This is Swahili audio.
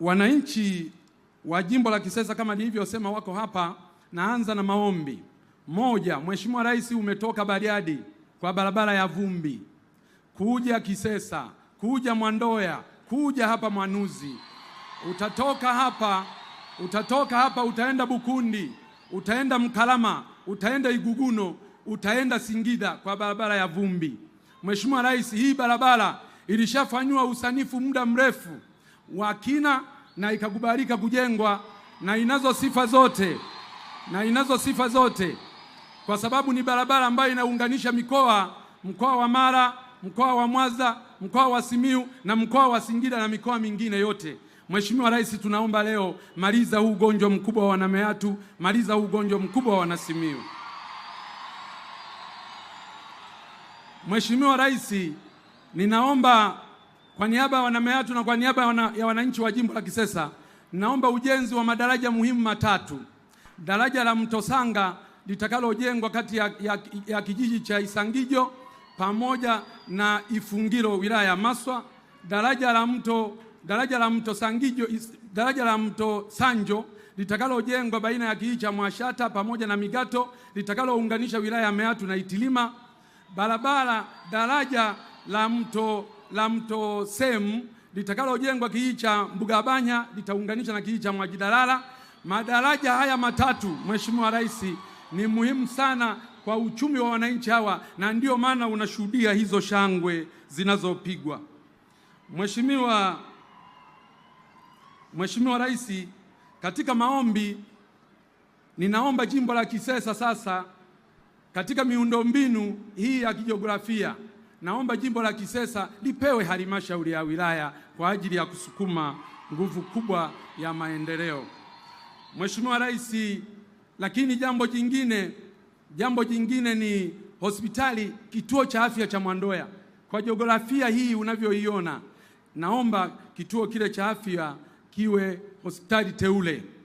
Wananchi wa jimbo la Kisesa kama nilivyosema, wako hapa. Naanza na maombi. Moja, Mheshimiwa Rais, umetoka Bariadi kwa barabara ya vumbi kuja Kisesa, kuja Mwandoya, kuja hapa Mwanuzi, utatoka hapa, utatoka hapa utaenda Bukundi, utaenda Mkalama, utaenda Iguguno, utaenda Singida kwa barabara ya vumbi. Mheshimiwa Rais, hii barabara ilishafanywa usanifu muda mrefu wa kina na ikakubalika kujengwa na inazo sifa zote na inazo sifa zote, kwa sababu ni barabara ambayo inaunganisha mikoa, mkoa wa Mara, mkoa wa Mwanza, mkoa wa Simiu na mkoa wa Singida na mikoa mingine yote. Mheshimiwa Rais, tunaomba leo maliza huu ugonjwa mkubwa wa wanameatu, maliza huu ugonjwa mkubwa wa wanasimiu. Mheshimiwa Rais, ninaomba kwa niaba ya wanameatu na kwa niaba ya wananchi wa jimbo la Kisesa naomba ujenzi wa madaraja muhimu matatu. Daraja la Mto Sanga litakalojengwa kati ya, ya, ya kijiji cha Isangijo pamoja na Ifungiro wilaya ya Maswa. Daraja la Mto, daraja la Mto Sangijo, daraja la Mto Sanjo litakalojengwa baina ya kijiji cha Mwashata pamoja na Migato litakalounganisha wilaya ya Meatu na Itilima. Barabara daraja la Mto la mto Sem litakalojengwa kijiji cha Mbugabanya litaunganisha na kijiji cha Mwajidalala. Madaraja haya matatu, Mheshimiwa Rais, ni muhimu sana kwa uchumi wa wananchi hawa, na ndiyo maana unashuhudia hizo shangwe zinazopigwa. Mheshimiwa Mheshimiwa Rais, katika maombi ninaomba jimbo la Kisesa sasa katika miundombinu hii ya kijiografia naomba jimbo la Kisesa lipewe halmashauri ya wilaya kwa ajili ya kusukuma nguvu kubwa ya maendeleo. Mheshimiwa Rais, lakini jambo jingine, jambo jingine ni hospitali kituo cha afya cha Mwandoya. Kwa jiografia hii unavyoiona, naomba kituo kile cha afya kiwe hospitali teule.